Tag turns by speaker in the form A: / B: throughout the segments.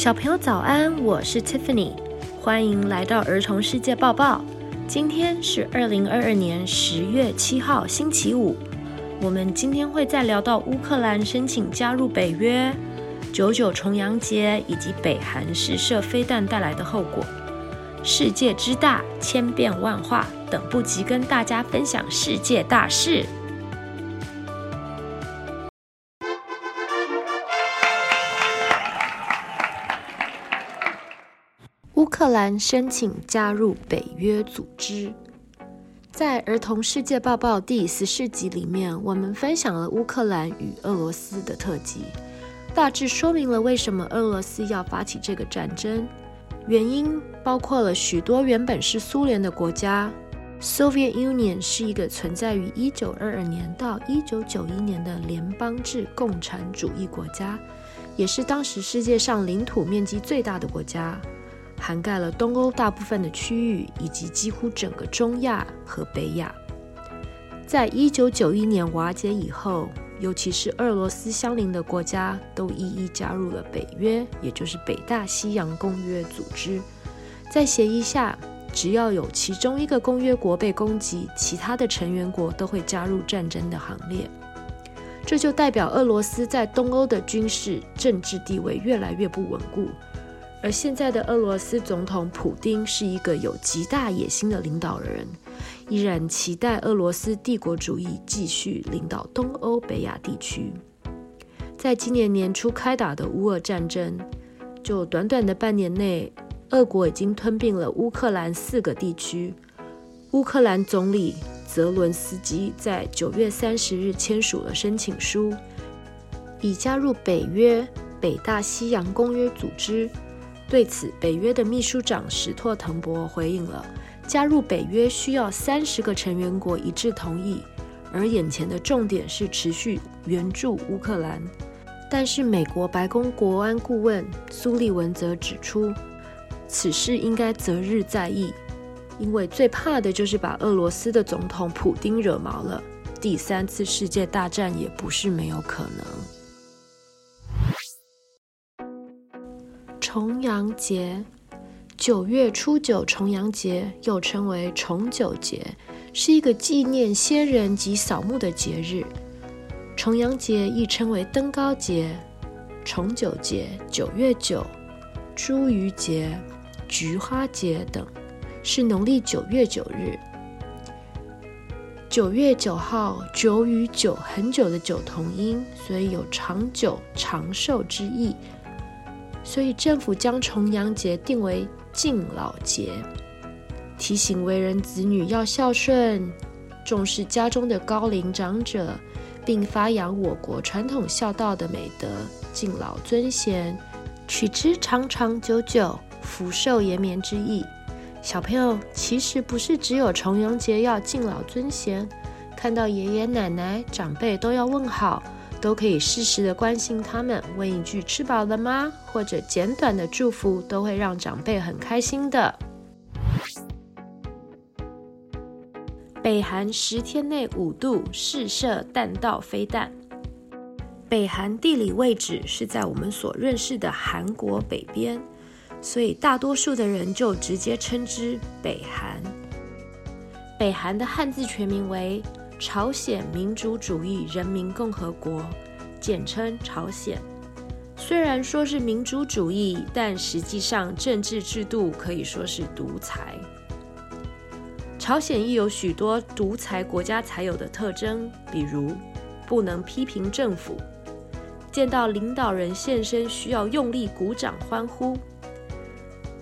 A: 小朋友早安，我是 Tiffany，歡迎來到兒童世界報報。今天是二零二二年十月七號，星期五。我們今天會再聊到烏克蘭申請加入北約、九九重陽節以及北韓試射飛彈帶來的後果。世界之大，千變萬化，等不及跟大家分享世界大事。烏克蘭申請加入北約組織。在《兒童世界報報》第十四集裡面，我們分享了烏克蘭與俄羅斯的特輯，大致說明了為什麼俄羅斯要發起這個戰爭。原因包括了許多原本是蘇聯的國家。Soviet Union 是一個存在於一九二二年到一九九一年的聯邦制共產主義國家，也是當時世界上領土面積最大的國家。涵蓋了東歐大部分的區域，以及幾乎整個中亞和北亞。在一九九一年瓦解以後，尤其是俄羅斯相鄰的國家，都一一加入了北約，也就是北大西洋公約組織。在協議下，只要有其中一個公約國被攻擊，其他的成員國都會加入戰爭的行列。這就代表俄羅斯在東歐的軍事政治地位越來越不穩固。而現在的俄羅斯總統普丁是一個有極大野心的領導人，依然期待俄羅斯帝國主義繼續領導東歐、北亞地區。在今年年初開打的烏俄戰爭，就短短的半年內，俄國已經吞併了烏克蘭四個地區。烏克蘭總理澤倫斯基在九月三十日簽署了申請書，以加入北約、北大西洋公約組織。對此，北約的秘書長史托騰柏回應了：加入北約需要三十個成員國一致同意，而眼前的重點是持續援助烏克蘭。但是，美國白宮國安顧問蘇利文則指出，此事應該擇日再議，因為最怕的就是把俄羅斯的總統普丁惹毛了，第三次世界大戰也不是沒有可能。重陽節，九月初九，重陽節又稱為重九節，是一個紀念先人及掃墓的節日。重陽節亦稱為登高節、重九節、九月九、茱萸節、菊花節等，是農曆九月九日。九月九號，九與久很久的久同音，所以有長久、長壽之意。所以政府將重陽節定為敬老節，提醒為人子女要孝順，重視家中的高齡長者，並發揚我國傳統孝道的美德，敬老尊賢，取之長長久久，福壽延綿之意。小朋友，其實不是只有重陽節要敬老尊賢，看到爺爺奶奶、長輩都要問好。都可以適時的關心他們，問一句吃飽了嗎？或者簡短的祝福，都會讓長輩很開心的。北韓十天內五度試射彈道飛彈。北韓地理位置是在我們所認識的韓國北邊，所以大多數的人就直接稱之北韓。北韓的漢字全名為。朝鮮民主主義人民共和國，簡稱朝鮮。雖然說是民主主義，但實際上政治制度可以說是獨裁。朝鮮亦有許多獨裁國家才有的特徵，比如不能批評政府，見到領導人現身需要用力鼓掌歡呼。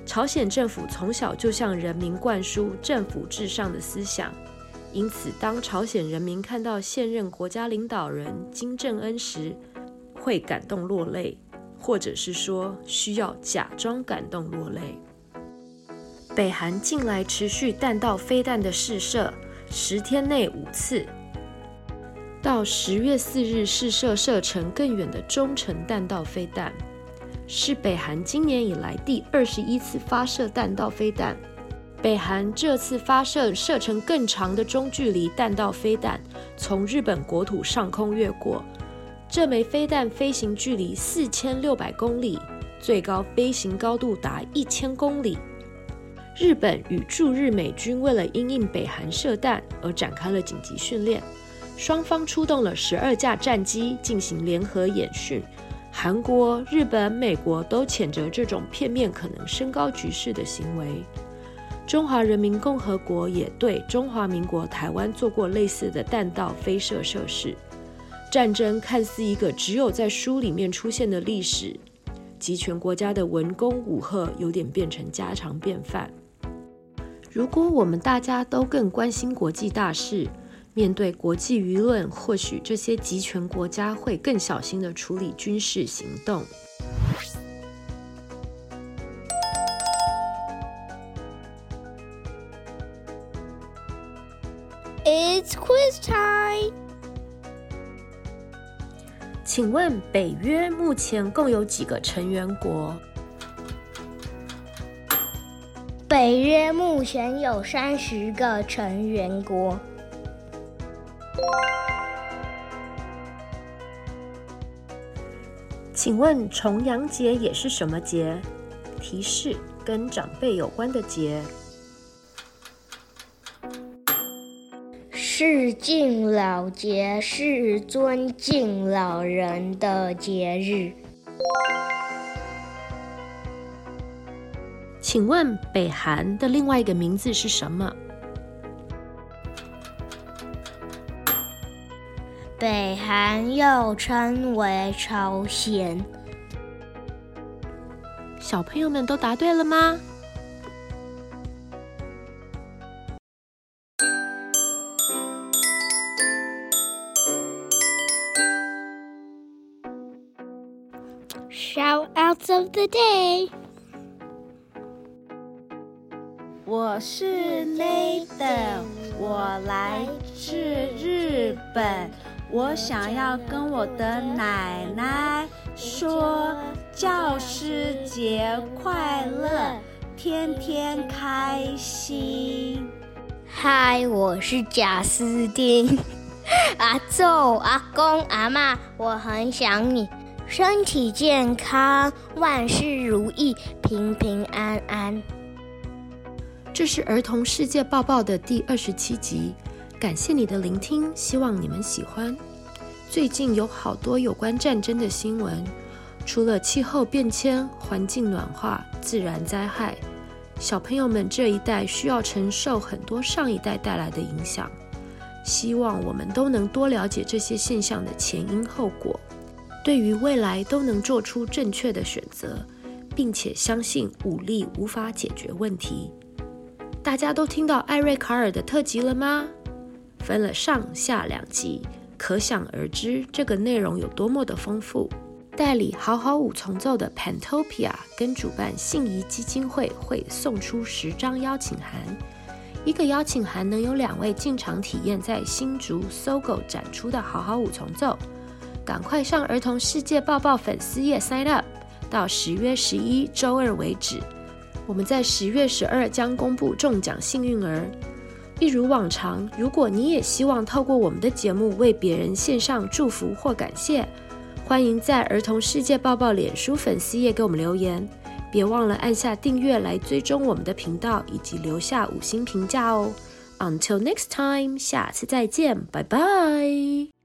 A: 朝鮮政府從小就向人民灌輸「政府至上」的思想。因此，當朝鮮人民看到現任國家領導人金正恩時，會感動落淚，或者是說需要假裝感動落淚。北韓近來持續彈道飛彈的試射，十天內五次，到十月四日試射射程更遠的中程彈道飛彈，是北韓今年以來第二十一次發射彈道飛彈。北韓這次發射射程更長的中距離彈道飛彈，從日本國土上空越過。這枚飛彈飛行距離四千六百公里，最高飛行高度達一千公里。日本與駐日美軍為了因應北韓射彈而展開了緊急訓練，雙方出動了十二架戰機進行聯合演訓。韓國、日本、美國都譴責這種片面、可能升高局勢的行為。中華人民共和國也對中華民國台灣做過類似的彈道飛彈試射。戰爭看似一個只有在書裡面出現的歷史，極權國家的文攻武嚇有點變成家常便飯。如果我們大家都更關心國際大事，面對國際輿論，或許這些極權國家會更小心地處理軍事行動。請問北約目前共有幾個成員國？北約目前有三十個成員國。請問重陽節也是什麼節？提示，跟長輩有關的節。是敬老節，是尊敬老人的節日。請問，北韓的另外一個名字是什麼？北韓又稱為朝鮮。小朋友們都答對了嗎？我是雷的，我來自日本，我想要跟我的奶奶說教師節快樂，天天開心。嗨，我是賈斯汀。 阿祖，阿公，阿嬤，我很想你。身體健康，萬事如意，平平安安。這是兒童世界報報的第二十七集，感謝你的聆聽，希望你們喜歡。最近有好多有關戰爭的新聞，除了氣候變遷、環境暖化、自然災害，小朋友們這一代需要承受很多上一代帶來的影響。希望我們都能多了解這些現象的前因後果，對於未來都能做出正確的選擇，並且相信武力無法解決問題。大家都聽到艾瑞卡爾的特輯了嗎？分了上下兩集，可想而知這個內容有多麼的豐富。代理《好好五重奏》的 PanTopia 跟主辦信誼基金會會送出十張邀請函，一個邀請函能有兩位進場體驗在新竹 SOGO 展出的《好好五重奏》。趕快上兒童世界報報粉絲頁 sign up，到十月十一周二為止。我們在十月十二將公佈中獎幸運兒。一如往常，如果你也希望透過我們的節目為別人獻上祝福或感謝，歡迎在兒童世界報報臉書粉絲頁給我們留言。別忘了按下訂閱來追蹤我們的頻道，以及留下五星評價哦。Until next time，下次再見，拜拜。